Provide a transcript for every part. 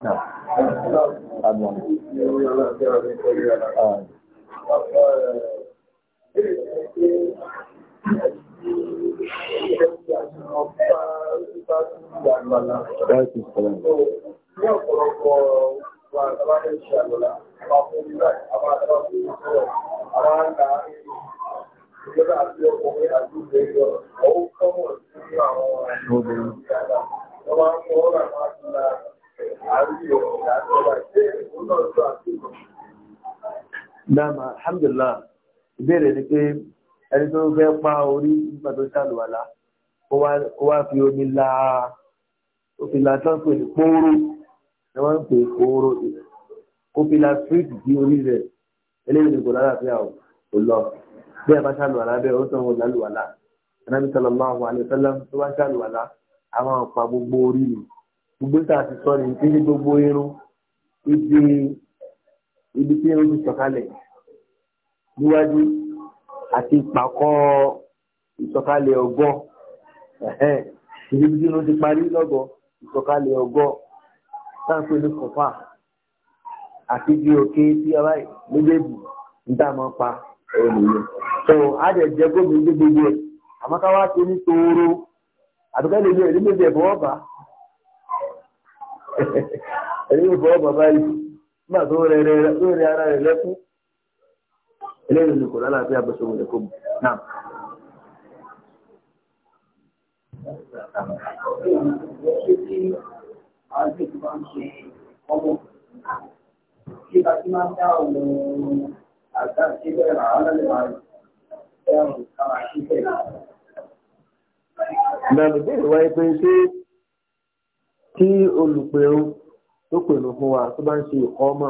No. Bad one. Uh, Right, Mr. Lam. Obìnrin. Dáàmà, alhamdulillah, ìbéèrè ni pé ẹni tó fẹ́ pa orí nígbà tó ṣàlùwàlá, ó wá fi omi la ó fi la tán pè ní kóóró, ẹ wọ́n ń pè kóóró, ó fi la street di orí rẹ̀, eléyìí ni kò lálàáfíà ò lọ. Bí ẹ bá ṣàlùwàlá bẹ́ẹ̀, ó sọ wọn lálùwàlá. Ànábì sallallahu alaihi wasallam tó bá ṣàlùwàlá, àwọn ọ̀pá gbogbo orí ni. gbogbo tá a sọ gbogbo irun ibi ibi tí irun ti sọ̀kalẹ̀ níwájú àti ìpàkọ́ ìsọ̀kalẹ̀ ọgọ́ ibi tí irun ti parí lọ́gọ́ ìsọ̀kalẹ̀ ọgọ́ táǹpé ní kọ̀fà àti bí òkè tí a méjèèjì a gómìnà gbogbo àmọ́ ti ní ẹni ìbọn bàbá yìí nígbà tó rẹ rẹ rẹ tó rẹ ara rẹ lẹ́kún eléyìí ni kò lálàáfíà bó ṣe wọlé kó mu náà. Nàìjíríà wáyé pé ṣé tí olùpẹ̀rù tó pẹ̀lú fún wa tó bá ń ṣe ìkọ́ ọmọ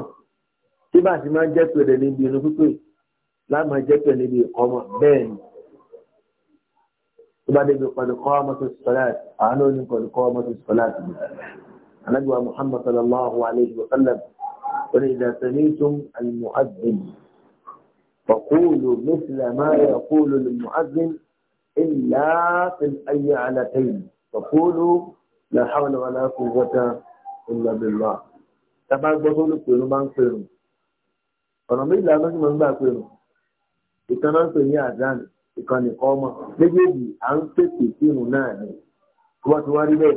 tí bá ti máa ń jẹ́ pẹ̀lẹ́ níbi inú pípé láàmú jẹ́ pẹ̀lẹ́ níbi ìkọ́ ọmọ bẹ́ẹ̀ ni tó bá débi pẹ̀lúkọ́ ọmọ tó sọ̀láàtì àánú ní pẹ̀lúkọ́ ọmọ tó sọ̀láàtì ni anábìwá muhammad sallallahu alayhi wa sallam wọ́n ní idha sami'tum al-mu'adhdhin فقولوا مثل ما يقول المؤذن إلا في الأيالتين فقولوا la hawla wala quwwata illa billah tábà gbọ́ tó lè pèrò máa ń pèrò ọ̀nà méjìlá ló sì máa ń gbà pèrò ìkan náà ń pè ní àdán ìkan nìkan ọmọ méjèèjì à ń pèpè sínú náà ni tó bá ti wá rí bẹ́ẹ̀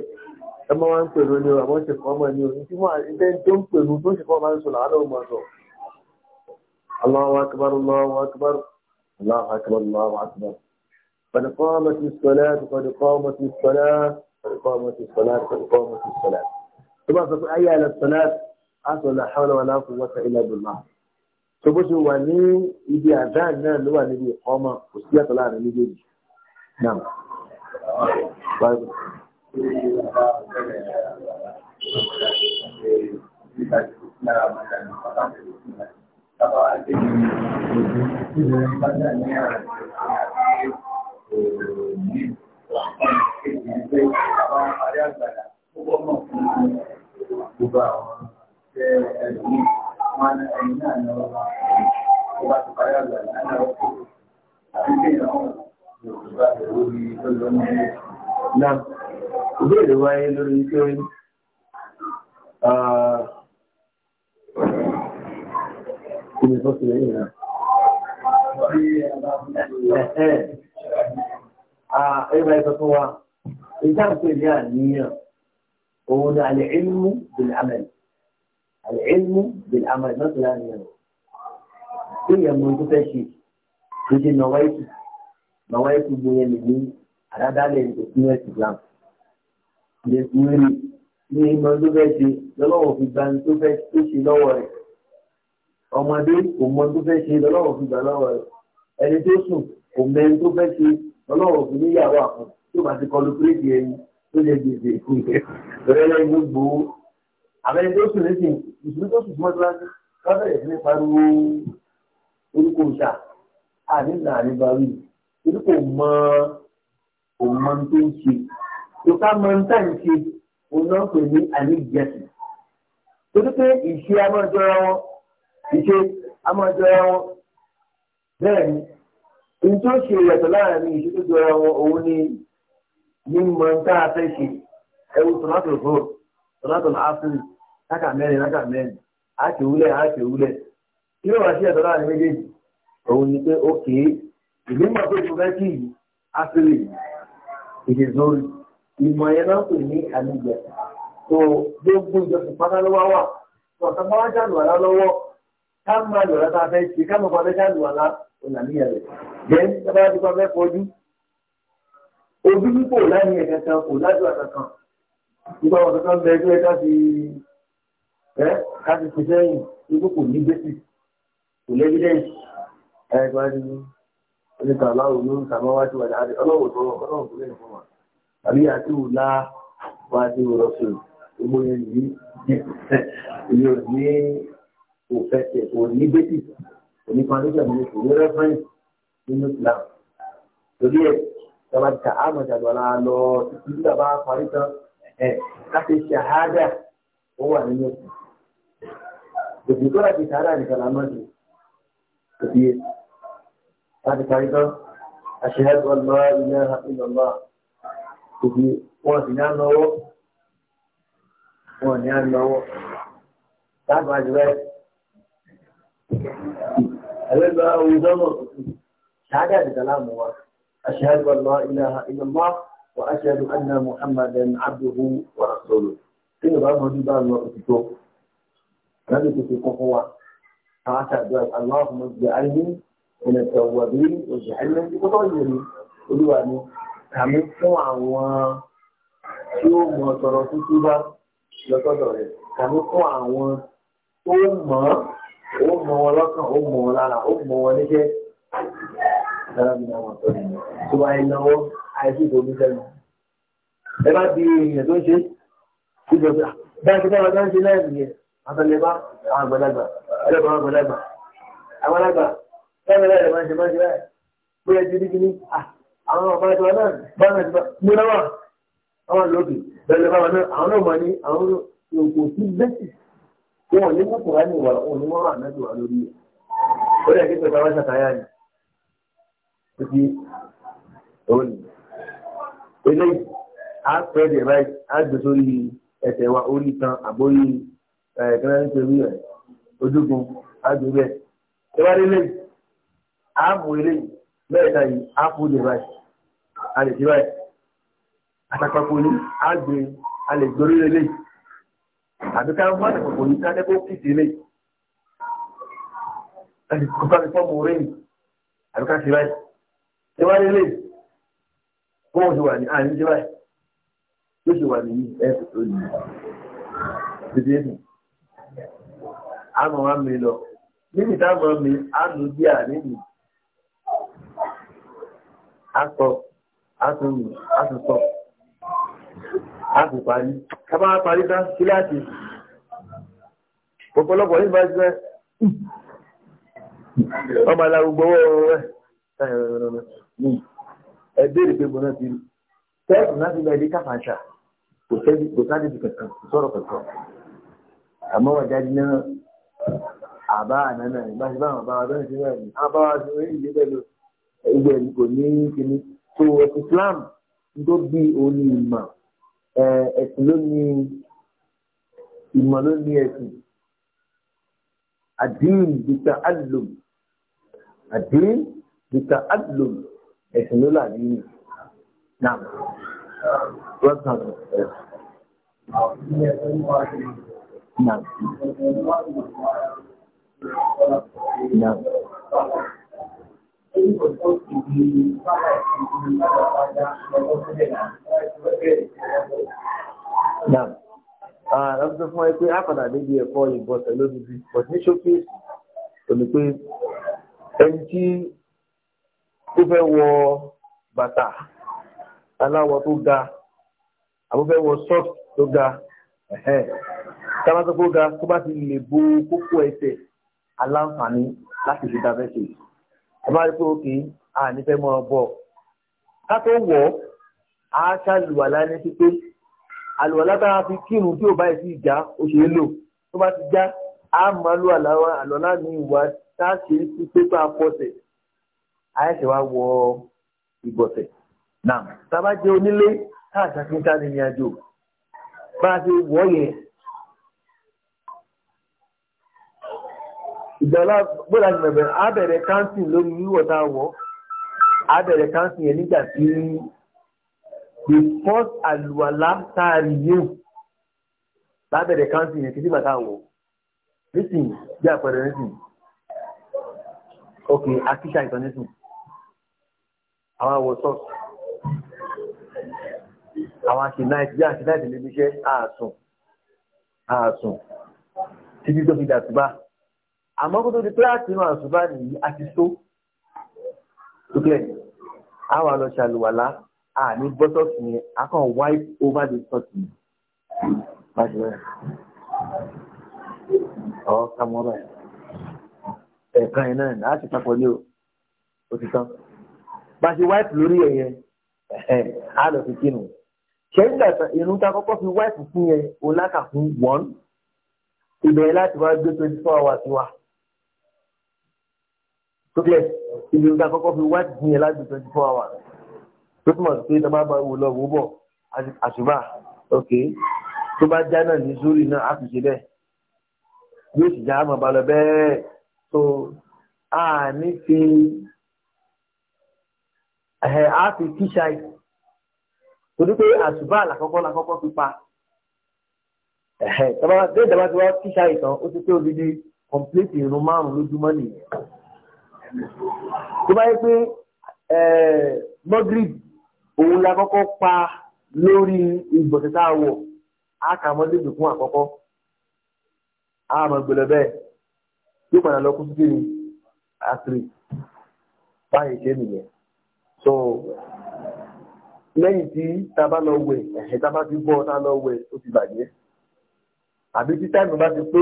ẹ máa ń pèrò ni àwọn ṣe kọ́ ọmọ ni òní tí wọ́n àti tó ń pèrò tó ń ṣe kọ́ ọmọ sọ làwọn náà máa sọ. Allahu akbar Allahu akbar Allahu akbar Allahu akbar. Qad qamatis salat qad qamatis salat. إقامة الصلاة إقامة الصلاة ثم فقط أي على الصلاة أصل لا حول ولا قوة إلا بالله ثم سوى لي إذا أذاننا لو أن يدي إقامة وسيا طلعا نعم طيب Thank you. ويل للكل آه. إيه آه ايه هو انسان كليان نية هو العلم بالعمل العلم بالعمل مثلا يعني هي من تفشي في نوايت نوايت بنيامين على دالين تسمية الإسلام lẹ́kùnrin ní ìmọ̀ tó fẹ́ ṣe lọ́lọ́wọ́ fi gba tó fẹ́ tó ṣe lọ́wọ́ rẹ̀ ọmọdé kò mọ tó fẹ́ ṣe lọ́lọ́wọ́ fi gbà lọ́wọ́ rẹ̀ ẹni tó sùn kò mẹ́rin tó fẹ́ ṣe lọ́lọ́wọ́ fi níyàwó àpò tó bá ti kọlu péréjì ẹni tó lè gbèsè fún ìfẹ́ rẹ̀ lẹ́yìn gbòó àbẹ́ni tó sùn lẹ́sìn ìṣúná tó sùn mọ́tò láti kábẹ̀rẹ̀ sí ní pariwo orúkọ ìṣà àníńdà àníbáwí orúkọ mọ́ òun mọ́ tó ń ṣe tó ká mọ ní táǹkì òun náà pè ní àníjẹsì torí pé ìṣe amọ́jọra wọn ìṣe amọ́jọra wọn bẹ́ẹ̀ ni ohun tó ṣe ìyàtọ̀ láàrin ìṣe tó jọra wọn òun ni mímọ tá a fẹ́ ṣe ẹwù tòmátò fún tòmátò áfírì láka mẹ́rin láka mẹ́rin àti wúlẹ̀ àti wúlẹ̀ kí ló wá sí ìyàtọ̀ láàrin méjèèjì òun ni pé ó kéé ìgbìmọ̀ tó ti fẹ́ kí áfírì ìdè zórí ìmọ̀ yẹn náà pè ní àlejò tó gbogbo ìjọsìn pátá ló wá wà tó ọ̀sán bá wá jàlù àlá lọ́wọ́ ká máa lò láta fẹ́ ṣe ká máa fẹ́ jàlù àlá ònàníyàn rẹ̀ jẹ́ sábà tó fẹ́ fojú ojú pípò láyé ẹ̀ka kan kò lájú àtà kan nípa àwọn kankan bẹ ẹgbẹ́ ká fi ẹ́ ká fi fi sẹ́yìn ikú kò ní bẹ́sì kò lẹ́bí lẹ́yìn ẹ̀ gbájú oníkàlá òun ló ń sàmọ́wájú wà ní ọlọ́wọ́ tó ọlọ́wọ́ tó lẹ́yìn fún wa àbí àti òlá wá sí ìrọ̀sù gbogbo yẹn yìí ìlú ní òfẹ́ tẹ̀ kò ní bẹ́tì kò ní foundation mi kò ní reference nínú Islam torí ẹ̀ tọ́ba ti ta àmọ̀ ìjàgbọ́lá lọ títí nígbà bá parí tán láti ṣàhádà ó wà nínú ẹ̀sìn òbí láti ṣàhádà nìkan là máa láti parí tán àṣehàdùn ọlọ́ọ̀ kuhu ordinarnovo ordinarnovo tako zve أولا وزمر شهادة سلام الله أشهد أن لا إله إلا الله وأشهد أن محمدا عبده ورسوله كل بعض هذه بعض الوقت توق نبي تسيق قوة فأشهد أن اللهم اجعلني من التوابين واجعلني من المتطهرين ودعاني tàbí fún àwọn tí ó mọ̀ tọrọ tútú bá lọ́tọ́dọ̀ rẹ̀ tàbí fún àwọn tó mọ̀ ó mọ̀ wọn lọ́kàn ó mọ̀ wọn lára ó mọ̀ wọn níṣẹ́ alábìnrin àwọn ọ̀tọ̀ tó bá iná wọ́n àìsí ìdòmí sẹ́nu ẹ bá di èèyàn tó ń ṣe ìjọba bá ti dáwọ́ tó ń ṣe lẹ́yìn yẹn àtàlẹ́bá àgbàlagbà àgbàlagbà àgbàlagbà ẹlẹ́bà ẹlẹ́bà máa ń ṣe máa ń ṣe báyìí bóyá ti rí kíní àwọn ọmọ ẹ̀tọ́ náà bára ti mú náà àwọn lókè bẹ̀rẹ̀ bára náà àwọn náà máa ní àwọn òkò sí bẹ́sì tí wọ́n ní kókò rá ní ìwà òní wọ́n rà náà ti wà lórí ẹ̀. ó dẹ̀ kíkọ́ ìtawá ṣàkáyà ni ó ti òun ni. eléyìí á pẹ́ dẹ̀ báyìí á gbé sórí ẹsẹ̀ wa orí kan àbórí ẹ̀ẹ́dẹ́gbẹ̀rún torí ẹ̀ ojúgun á bẹ́ẹ̀. ìwádìí lẹ́yìn á mú eléyìí bẹ́ẹ̀ ta yìí á kú dẹ̀ báyìí a lè ṣe báyìí àtàkpàkò ní àgbè a lè gbórí lélẹ̀ àbí ká mú àtàkpàkò ní kájẹ́ kó kìí sílẹ̀ a lè kó báyìí fọ́ọ̀mù rẹ̀ àbí ká ṣe báyìí ṣe wá lélẹ̀ bó wọ́n ṣe wà ní àní ṣe báyìí yóò ṣe wà ní ẹ̀sùn níbi táwọn mi á lò bí àárín mi àtúntọ̀ àtúparí kábà parí tán kíláàsì ọ̀pọ̀lọpọ̀ yìí bá jẹ́ ọmọ aláwùgbọ́ ọ̀rọ̀ rẹ̀ ẹ̀dẹ́ ìgbégbó náà ti rí tẹ́ẹ̀kì náà ti lọ ẹ̀dẹ́ káfàṣà kò sáré ti kankan kò sọ̀rọ̀ kankan àmọ́ wà jáde náà àbá ànánà ìbáṣepọ̀ àwọn àbáwá bẹ́ẹ̀ sí náà ní àbáwá sí orí ìdíbẹ̀ lọ ẹgbẹ́ kò ní kíní so Islam tó bí òní ìmọ̀ ẹ̀sìn ló ní ìmọ̀ ló ní ẹ̀sìn àdín bìtà àlùm àdín bìtà àlùm ẹ̀sìn ló là ní náà wọ́n kàn ẹ̀. Nam. Nam. Náà, àwọn tó fún ẹ pé àpàdà níbi ẹ̀kọ́ ìbọ̀sẹ̀ lónìí, but ní ṣókí òní pé ẹni tí ó fẹ́ wọ bàtà aláwọ̀ tó ga, àbó fẹ́ wọ sọ́ọ̀t tó ga, tábà tó kó ga tó bá ti lè bo kókó ẹsẹ̀ aláǹfààní láti fi dáfẹ́ ṣe ẹ bá rí pé òkè à ní fẹ́ mọ́ ọ bọ̀ ká tó wọ̀ ọ́ á ṣàlùwàlá ní pípé àlùwàlá tá a fi kírun tí ò báyìí sí ìjà ó ṣe é lò tó bá ti já á máa lù àlàwà àlọ́lá ní ìwà tá a ṣe sí pépà pọ̀tẹ̀ àyẹ̀ṣẹ̀ wa wọ ìbọ̀tẹ̀ náà tá a bá jẹ́ onílé tá a ṣàfihàn ní ìrìn àjò bá a ti wọ̀ yẹn ìjọba gbọ́dọ̀ àti bẹ̀rẹ̀ á bẹ̀rẹ̀ káńsìn lórí wíwọ̀ tá a wọ̀ á bẹ̀rẹ̀ káńsìn yẹn nígbà tí the first àlùwàlá tá a rí yóò lábẹ̀rẹ̀ káńsìn yẹn kí sígbà tá a wọ̀ nísìn bí àpẹẹrẹ nísìn ok akíṣà ìtàn nísìn àwọn àwọ̀ sọ́ọ̀sì àwọn àṣìláìtì bí àṣìláìtì lè fi ṣe àásùn àásùn títí tó fi dàtúbà àmọ́ kó tó di pé àti máa sùn bá nìyí àti só tókẹ́ àwọn àlọ́ ṣàlùwàlá àní bọ́tọ̀tù yẹn a kàn wipe over the top yẹn pàṣẹ ọ̀ kàmọ́ báyìí ẹ̀ẹ̀kan yẹn náà láti papọ̀ ní o ó ti tán bá a ṣe wipe lórí ẹ̀ yẹn á lọ fi kínu ṣẹ́yìn gbàtà irun tá a kọ́kọ́ fi wipe fún yẹn o lákà fún one ìbẹ̀rẹ̀ láti wá gbé twenty four hours wá sókè ibi nǹkan àkọ́kọ́ fi wá gbìn yẹn láti twenty four hours tó túmọ̀ sí pé tó bá bá wò lọ wò bọ̀ àṣùbà ok tó bá já náà ní sórí náà á fi ṣe bẹ́ẹ̀ yóò sì já àmọ̀ balọ̀ bẹ́ẹ̀ so a ní fi ẹ̀ á fi kíṣà torí pé àṣùbà làkọ́kọ́ làkọ́kọ́ fi pa ẹ̀hẹ̀ tó bá dé ìjọba tí wọ́n kíṣà ìtàn ó ti pé odidi complete irun márùn-ún lójúmọ́ nìyẹn tó bá yẹ pé mọ́gírì òun la kọ́kọ́ pa lórí ìgbọ̀nsẹ̀ tá a wọ̀ á kà mọ́gírì fún àkọ́kọ́ á mọ̀ gbẹlẹ bẹ́ẹ̀ yóò padà lọ kú sí kiri àkìrì báyìí ṣe nìyẹn so lẹ́yìn tí ta bá lọ wẹ̀ ẹ̀hẹ́ ta bá ti bọ́ ta lọ wẹ̀ ó ti bàjẹ́ àbí tí táìmù bá ti pé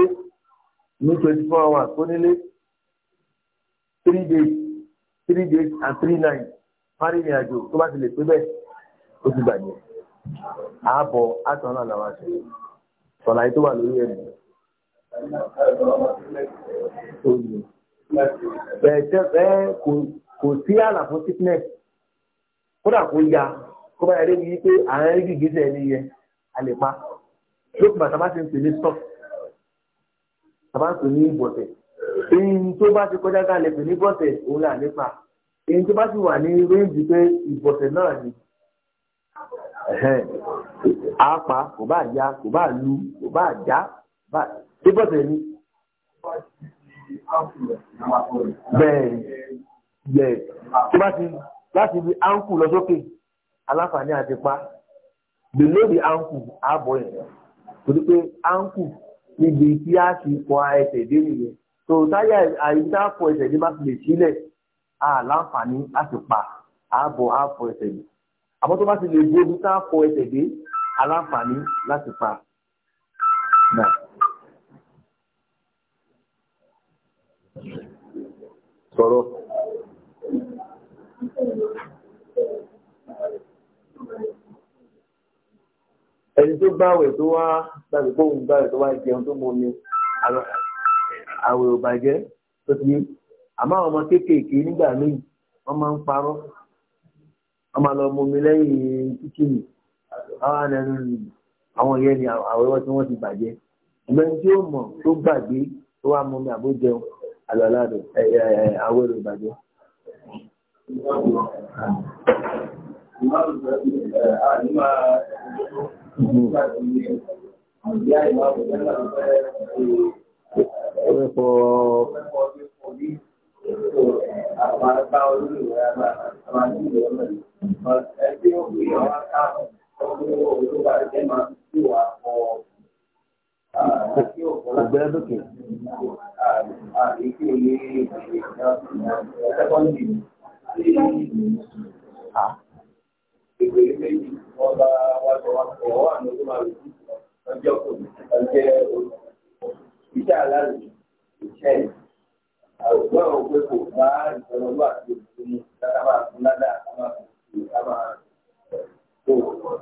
ní twenty four hours tó nílé three days three days and three nights parí ní àjò tó bá ti lè pé bẹ́ẹ̀ ó ti bàjẹ́ ààbọ̀ àtàn náà làwọn àṣẹ sọ̀lá yìí tó wà lórí ẹ̀mí. bẹ́ẹ̀ kò sí àlàfo sickness kódà kó ya kó bá yẹrẹ yìí pé àwọn ẹrí gègésẹ̀ ẹni yẹ a lókùnbà tá a bá ti ń pè ní stop tá a bá ń pè ní ìbọ̀tẹ̀ èyí tó bá ti kọjá kalẹ̀ pè ní bọ́sẹ̀ òun là nípa èyí tó bá ti wà ní réǹjì pé ìbọ̀sẹ̀ náà ni àápa kò bá ya kò bá lu kò bá já ṣé bọ́sẹ̀ ni. bẹ́ẹ̀ bẹ́ẹ̀ tó bá ti láti fi áńkù lọ sókè aláǹfààní àti pa bèlóòdì áńkù ààbọ̀ yẹn torí pé áńkù níbi tí a ti kọ ẹsẹ̀ dé nìyẹn tó táyà àyíká fọ ẹsẹ̀ ní bá ti lè sílẹ̀ a láǹfààní láti pa ààbọ̀ àfọ ẹsẹ̀ dé àmọ́ tó bá ti lè gbóbi tá a fọ ẹsẹ̀ dé a láǹfààní láti pa. Sọ̀rọ̀. Ẹni tó gbàwẹ̀ tó wá gbàgbé kóhùn gbàwẹ̀ tó wá jẹun tó mọ ni àwẹ̀ ò bàjẹ́ tó ti àmọ́ àwọn ọmọ kéékèèké nígbà míì wọ́n máa ń parọ́ wọ́n máa lọ momi lẹ́yìn kíkìnì àwọn ẹnu àwọn ìyẹn ni àwẹ̀wọ́ tí wọ́n ti bàjẹ́ ìgbẹ́ tí ó mọ̀ tó gbàgbé tó wá momi àbójẹun àlọ́ládò àwẹ̀ ò bàjẹ́. Mm-hmm ọ̀pọ̀ ọ̀gbẹ́ lókè. Iṣẹ́ aláàrẹ̀ iṣẹ́ yìí àwùjọ òwe kò bá ìtọ́lọ́wọ́ àti òṣèlú dáadáa máa fún ládàá ká máa fi ṣe ká máa tó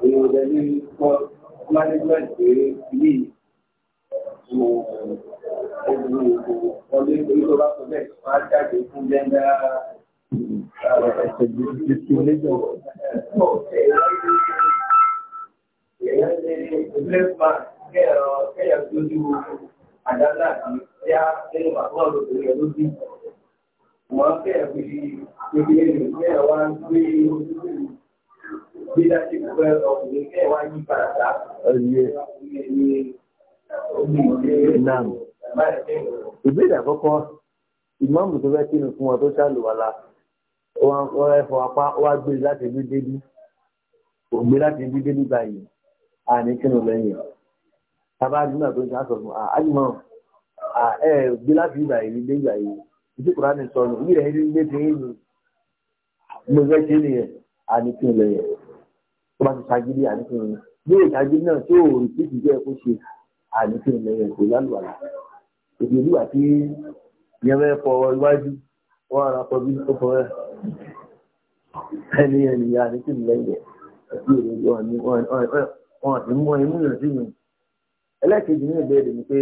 èrò rẹ ní kọ́ management pé ilé ìwò ẹgbẹ́ ìwò ọdún ìwé tó bá sọ bẹ́ẹ̀ máa jáde fún jẹ́ńdá. Discrimination. Èèyàn ṣe ìpínlẹ̀ fún wa kẹ́yọ̀ kẹ́yọ̀ tó ju àdá náà ya nínú bàbá olóògbé rẹ̀ ló bí. Wọ́n fẹ́ fi ibi ẹ̀rọ fẹ́ wá gbé gbédáṣe pẹ́ ọkùnrin fẹ́ wá yí padà. Ìbéèrè àkọ́kọ́, ìmáàmù tó fẹ́ kí ni fún ọ tó ṣàlùwàlà, wọ́n ẹ̀fọ́ apá wá gbé láti bí débí, ògbé láti bí débí báyìí, àní kí ni lẹ́yìn. Tábàdì náà tó ń ṣe àṣọ fún àjùmọ̀ ẹ gbé láti ìgbà yìí dé ìgbà yìí ìdí kura ni sọnù ìdí rẹ̀ ní ilé tí yìí mo fẹ́ ṣe nìyẹn àníkún ilẹ̀ yẹn tó bá ti ṣàgídí àníkún ilẹ̀ bí ìṣàgídí náà tí ò rí títí jẹ́ kó ṣe àníkún ilẹ̀ yẹn kò lálùwàlà èdè ìlúwà tí yẹn fẹ́ fọ iwájú wọn ara fọ bí ó fọ ẹni ẹni ya àníkún ilẹ̀ yẹn àti èrè wọn àti mú ẹmú yàn sí mi ẹlẹ́kejì ní ìbéèrè ni pé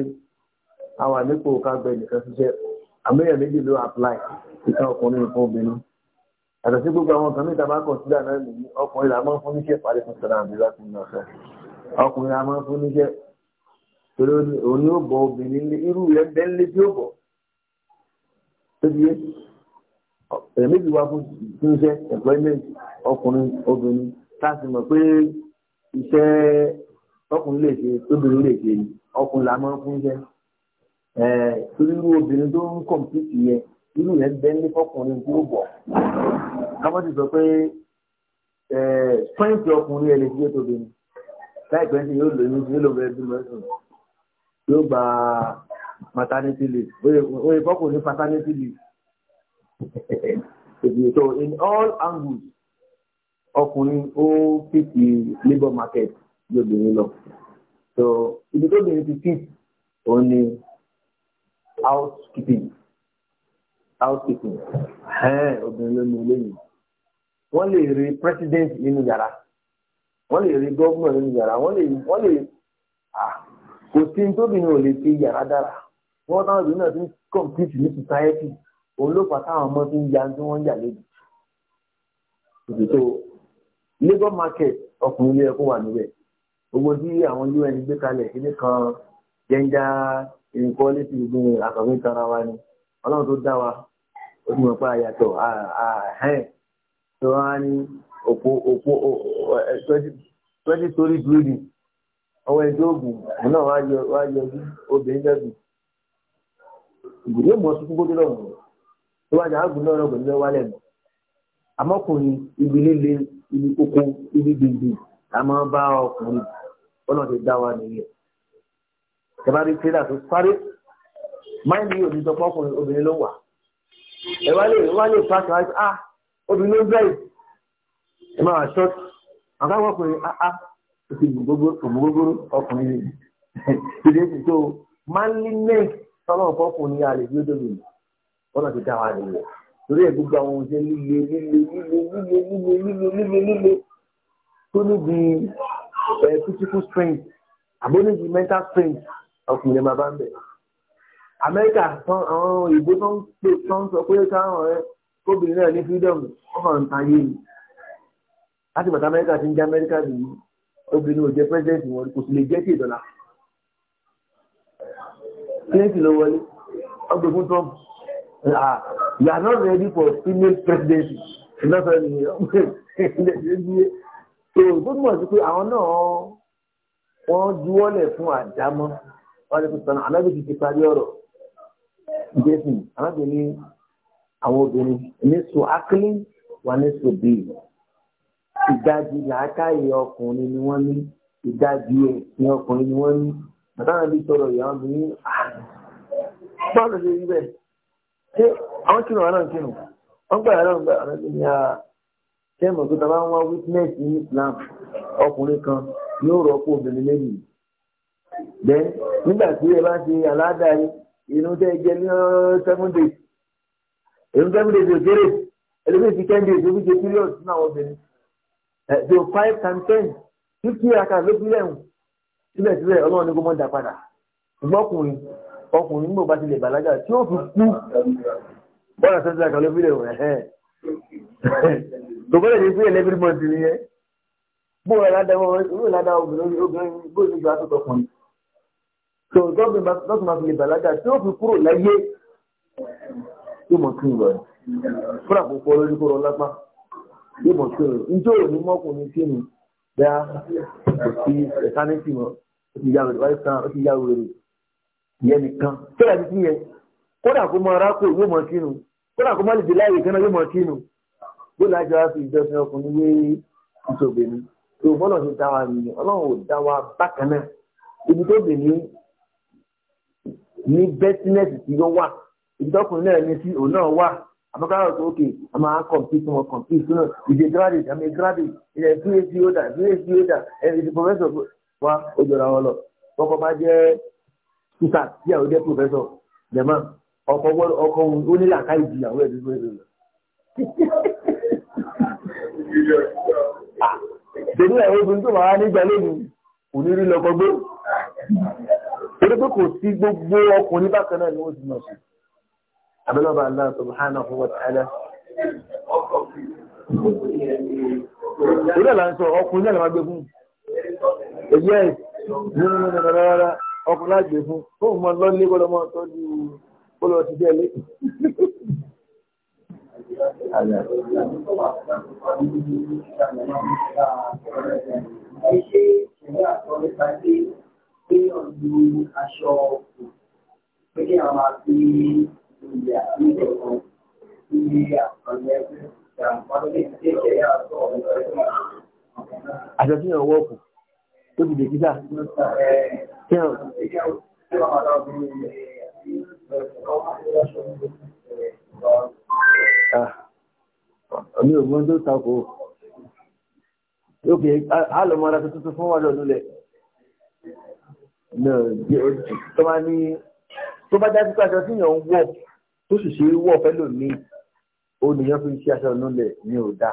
àwọn àlékò ká gbẹ nìkan ṣiṣẹ́ àmúyẹ̀ méjì ló apply ìkan ọkùnrin nǹkan obìnrin yàtọ̀ sí gbogbo àwọn kan níta bá kọ̀sídà náà nìyí ọkùnrin là máa ń fún níṣẹ́ parí fún sọ̀rọ̀ àbí láti ní ọ̀fẹ́ ọkùnrin là máa ń fún níṣẹ́ torí òun yóò bọ obìnrin ní irú rẹ̀ bẹ́ẹ̀ lé tí ó bọ̀ tó di yé èèyàn méjì wá fún iṣẹ́ employment ọkùnrin obìnrin láti mọ̀ pé iṣẹ́ ọkùnrin lè ṣe tóbìnrin lè ṣe ọkùnrin là máa ń fún iṣẹ́ torí irú obìnrin tó ń kọ̀m̀pìtì yẹ irú yẹn bẹ́ẹ̀ ní fọkùnrin tí bọ̀ káwọn sọ pé pọ́ìntì ọkùnrin ẹ̀ lè fi ètò obìnrin láìpẹ́ ní yóò lóyún sí yóò bẹ̀rẹ̀ bímọ ẹ̀sùn yóò gba maternity leave oye fọkùnrin paternity leave so in all angles ọkùnrin ó fìtì labour market yóò bìnrin lọ so ibi tó bìnrin ti fit òun ni housekeeping housekeeping ẹ̀ẹ́n obìnrin ló ní ilé yìí wọ́n lè rí president nínú yàrá wọ́n lè rí gọ́vùnà nínú yàrá wọ́n lè wọ́n lè kò sí tóbìnrin ò lè fi yàrá dára wọ́n táwọn obìnrin náà ti ń compete ní society òun ló fà táwọn ọmọ tó ń ya tí wọ́n ń yà lójú ìdìtò labour market ọkùnrin ilé ẹ̀kọ́ wà níbẹ̀ gbogbo tí àwọn un gbé kalẹ̀ sílé kan gender. inequality gbin àkànfí tara wa ni ọlọ́run tó dá wa ó ti mọ̀ pé àyàtọ̀ àhẹ́n tó wá ní òpó òpó twenty story building ọwọ́ ẹni tó gùn òun náà wá yọ wá yọ tó náà lọ́gbọ̀n ní wálẹ̀ àmọ́kùnrin ibi líle ibi kókó ibi gbìngbìn àmọ́ bá ọkùnrin ọlọ́run ti dá wa nìyẹn. tẹ́bá rí tírélà tó sáré máìlì òbí sọ fọ́kùnrin obìnrin ló wà ẹ wá lè wá lè pàṣẹ wáyé ah obìnrin ló bẹ̀rẹ̀ ẹ máa wà ṣọ́ọ̀tì àbáwọ̀ ọkùnrin ah ah ó ti gbogbogbòrò ọkùnrin ni ìdí èsì tó manliness tọ́lọ́ fọ́kùnrin àlè bí ó dòbí ọ̀nà ti dá wa nìyẹn torí ẹ̀ gbogbo àwọn oúnjẹ líle líle líle líle líle líle líle líle tó níbi physical strength àbóníbi mental strength ọkùnrin máa bá ń bẹ̀. amẹ́ríkà àwọn òyìnbó tó ń pè tó sọ pé káwọn ọ̀rẹ́ kóbìnrin náà ní freedom wọ́n ń ta yé mi. láti bàtà amẹ́ríkà ti ń jẹ́ amẹ́ríkà nìyí obìnrin ò jẹ́ president wọn kò sì lè jẹ́ sí ìdọ́là. kílẹ̀sì ló wọlé ọgbẹ́ fún trump ah, you are not ready for female presidency lọ́sọ̀rọ̀ nìyẹn ọgbẹ́ ìdílé tó gbọ́dọ̀ mọ̀ sí pé àwọn náà wọ́n juwọ́lẹ̀ fún àdámọ́. wọ́n ti sọ̀nà ànábì ti ti parí ọ̀rọ̀ jésù ànábì ní àwọn obìnrin ní sùn ákílì wà ní sùn bíi ìdajì làákàyè ọkùnrin ni wọ́n ní ìdajì ẹ̀ ní ọkùnrin ni wọ́n ní bàtà ànábì sọ̀rọ̀ ìyá wọn ní báwo ṣe rí bẹ́ẹ̀ ṣé àwọn kìnnà náà kìnnà gbà yàrá a ṣé tàbá wá ní Islam ọkùnrin kan yóò rọ́pò obìnrin lẹ́yìn Then nígbà tí ẹ bá ṣe aládàá yìí, inú tẹ́ jẹ ní seven days. Inú seven days yóò kéré. Ẹlẹ́gbẹ̀ẹ́ ti ten days ló fi ṣe period sínú àwọn obìnrin. Ẹ so five times ten fifty aka ló fi lẹ́hùn. Síbẹ̀síbẹ̀ ọlọ́run ní kó mọ́ dà padà. Ṣùgbọ́n ọkùnrin ọkùnrin nígbà bá ti lè bàlágà tí ó fi kú. Bọ́lá sẹ́ńtì aka ló fi lẹ́hùn ẹ̀hẹ́n tòkọ́lẹ̀ ní fún every month nìyẹn bó o ládàá obìnrin bó o ní ju àtúntò ọkùnrin tó dọ́gbìn bá dọ́gbìn máa fi lè bàlágà tí ó fi kúrò láyé yóò mọ̀ kí n lọ fúnra kò pọ̀ lórí kó lọ lápá yóò mọ̀ kí n lọ njẹ́ òní mọ́kùnrin kí ni bá kò sí ẹ̀sánẹ́tì mọ́ ó ti yáwèrè wáyé kan ó ti yáwèrè yẹn nìkan kíláà ti fi yẹn kódà kó mọ ara kó yóò mọ̀ kí n kódà kó má lè dé láyé kan náà yóò mọ̀ kí n bó lájọ á fi ìjọsìn ọkùnrin wé ìṣòbìnrin tó bọ́lọ̀ ti dá wa nìyẹn ọlọ́run ò dá wa bákan náà ibi tó bìnrin ní bẹ́tínẹ́sì tí ó wà ìdọ́kùnrin náà ní sí òun náà wà àbúkárò tó òkè a máa compete. wọn kọ̀mpìtì náà ìdè graduate àmì graduate ilẹ̀ phd oda phd oda ẹ̀ẹ́dì professor wa ó jọra wọn lọ ọkọ̀ bá jẹ́ títà tí àwọn jẹ́ professor jẹ̀mọ́ ọkọ̀ ọkọ̀ onílàkà ìjì àwọn ẹ̀dí professor lọ. Ah, tèmi àwọn obìnrin tó máa nígbà lónìí òní rí lọkọ gbé torí pé kò sí gbogbo ọkùnrin bákan náà ni wọ́n ti mọ̀ sí abẹ́lọ́ba Allah subhanahu wa ta'ala ìlẹ̀ là ń sọ ọkùnrin náà máa gbé fún èyí ẹ̀ nínú nínú rárá ọkùnrin náà gbé fún fóun mọ lọ́lé gbọ́dọ̀ mọ́ tọ́jú bọ́lọ̀ ti dé ẹlé. Thank pé ọ̀dù aṣọ òkú pé kí àwọn àti ìyà nílẹ̀ kan ní àpàlẹ́ Àjọ tí yàn wọ́ ọ̀pù tó fi dè títà. Ọmọ ògbọ́n tó a Yóò fi àlọ́mọ́ra tuntun fún wà lọ́dún lẹ̀ tó bá ní tó bá dájú pé aṣọ tí yàn ń wọ̀ tó sì ṣe é wọ̀ fẹ́lò mi ó nìyàn fi ṣe aṣọ ìnulẹ̀ ní ọ̀dà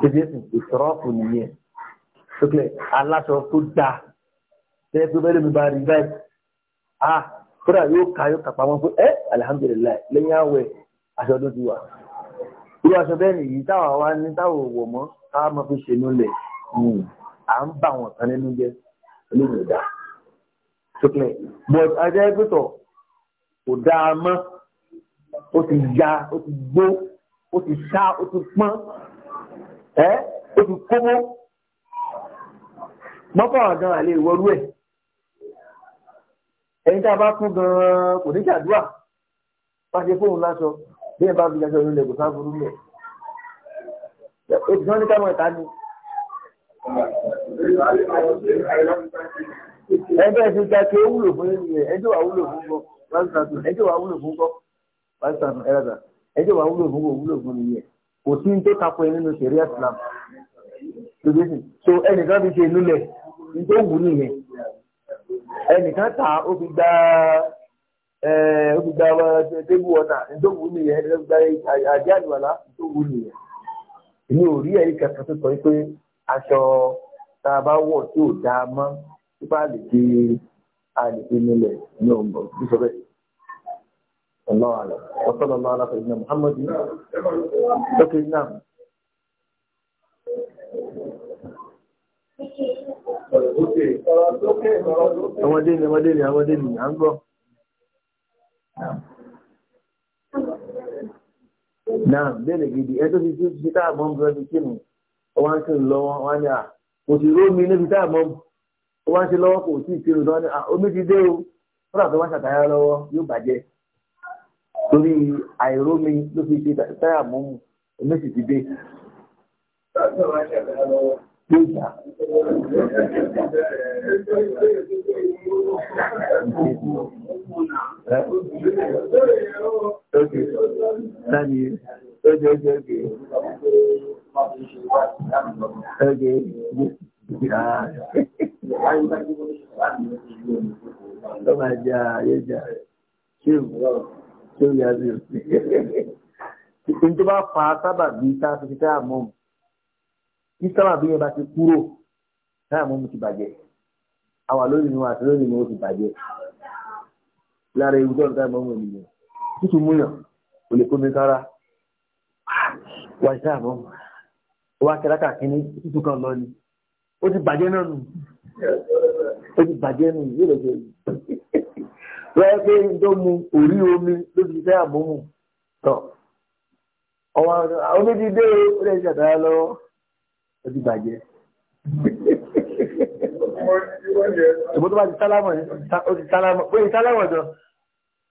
kébí ẹ̀sìn ìtọ́rọ́pù nìyẹn sókè aláṣọ tó dáa tẹ́lẹ̀ tó fẹ́lò mi bá rí báyìí ah kódà yóò ka yóò kàpá wọn pé ẹ alihamudulilayi lẹ́yìn àwẹ̀ aṣọ tó ti wà irú aṣọ bẹ́ẹ̀ nìyí táwọn àwa ní táwọn ò wọ̀ mọ́ káwọn máa fi ṣe ìnulẹ̀ hmm, à ń bà wọ́n kan nínú jẹ́ olóògùn ìdá ṣùpẹ́ but ajá ẹgbẹ́tọ̀ kò dáa mọ́ ó ti ya ó ti gbó ó ti ṣá ó ti pọ́n ẹ́ ó ti kówó mọ́tò àgàn àlè ìwọ́rú ẹ̀ ẹni tá a bá kú gan-an kò ní ṣàdúrà bá ṣe fóun láṣọ bí ẹ bá fi aṣọ ìrìnlẹ̀ kò sáfúrú lẹ̀ ètùtù wọn ní ká ìta ni. Ebe ti ta kí ó wúlò fún ẹni ẹjọ́ wa wúlò fún kọ́ ẹjọ́ wúlò fún kọ́ ẹ̀rọ̀dà ẹjọ́ so ẹnìkan fi ṣe lulẹ̀ tó wù ẹnìkan ta ó gba ó gba tébù ọ̀tà tó wù nìyẹn ó fi gba tó wù aṣọ tá a bá wọ̀ tí ò dáa mọ́ tí bá lè fi àlèfi nílẹ̀ ní ọmọ bí sọ bẹ́ẹ̀. الله أعلم وصلى الله على سيدنا محمد لكن نعم ọmọdé ni ọmọdé ni ọmọdé ni à ń gbọ́. náà bẹ́ẹ̀ lè gidi ẹ tó ti tí táàbọ̀ ń bọ́ ẹbí kí nù ọwọ́ ń sìn lọ́wọ́ wọn ni à kò sì rómi níbi tá a mọ́ ọwọ́ ń sìn lọ́wọ́ kò sí ìkírù lọ́wọ́ ni à omi ti dé o fúnra tó wá ṣàtàyà lọ́wọ́ yóò bàjẹ́ torí àìrómi ló fi ṣe táyà mọ́ mu omi sì ti dé. Okay. Okay. Okay. Okay. Ló máa jẹ ààyè jà ṣé òyà sí òsì. Ìpín tó bá fa sábàbí sáfi fi táyà mọ́mù. Tí sábàbí yẹn bá ti kúrò, táyà mọ́mù ti bàjẹ́. Àwa lórí ni wọn àti lórí ni wọn ti bàjẹ́. Lára ewu tó ń táyà mọ́mù ènìyàn. Tútù múyàn, kò lè kó mi sára. Wàá ṣáà mọ́mù ó wá kẹlákà kínní tútù kan lọ ni ó ti bàjẹ́ náà nù ó ti bàjẹ́ nù yóò lọ jẹ yìí lọ́yẹ́ pé tó mu òrí omi ló ti fẹ́ àbómù tọ̀ ọwọ́ omi ti dé ó lè ṣàtàrà lọ́wọ́ ó ti bàjẹ́ ìbò tó bá ti sálámọ̀ ó ti sálámọ̀ pé ìsálámọ̀ jọ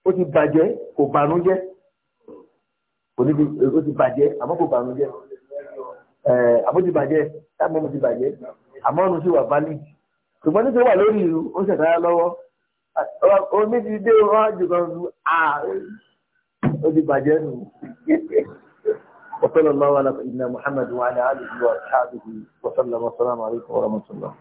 ó ti bàjẹ́ kò bànújẹ́ kò níbi ó ti bàjẹ́ àmọ́ kò bànújẹ́. Eh, àbójúbàjẹ́ táàmù àbójúbàjẹ́ àmọ́ ọ̀run sì wà bálí ṣùgbọ́n nítorí wà lórí ìlú ó ṣẹ̀dára lọ́wọ́ omi ti dé wọ́n jù kan nù à ó ti bàjẹ́ nù. وصلى الله على سيدنا محمد وعلى اله واصحابه وسلم والسلام عليكم ورحمه الله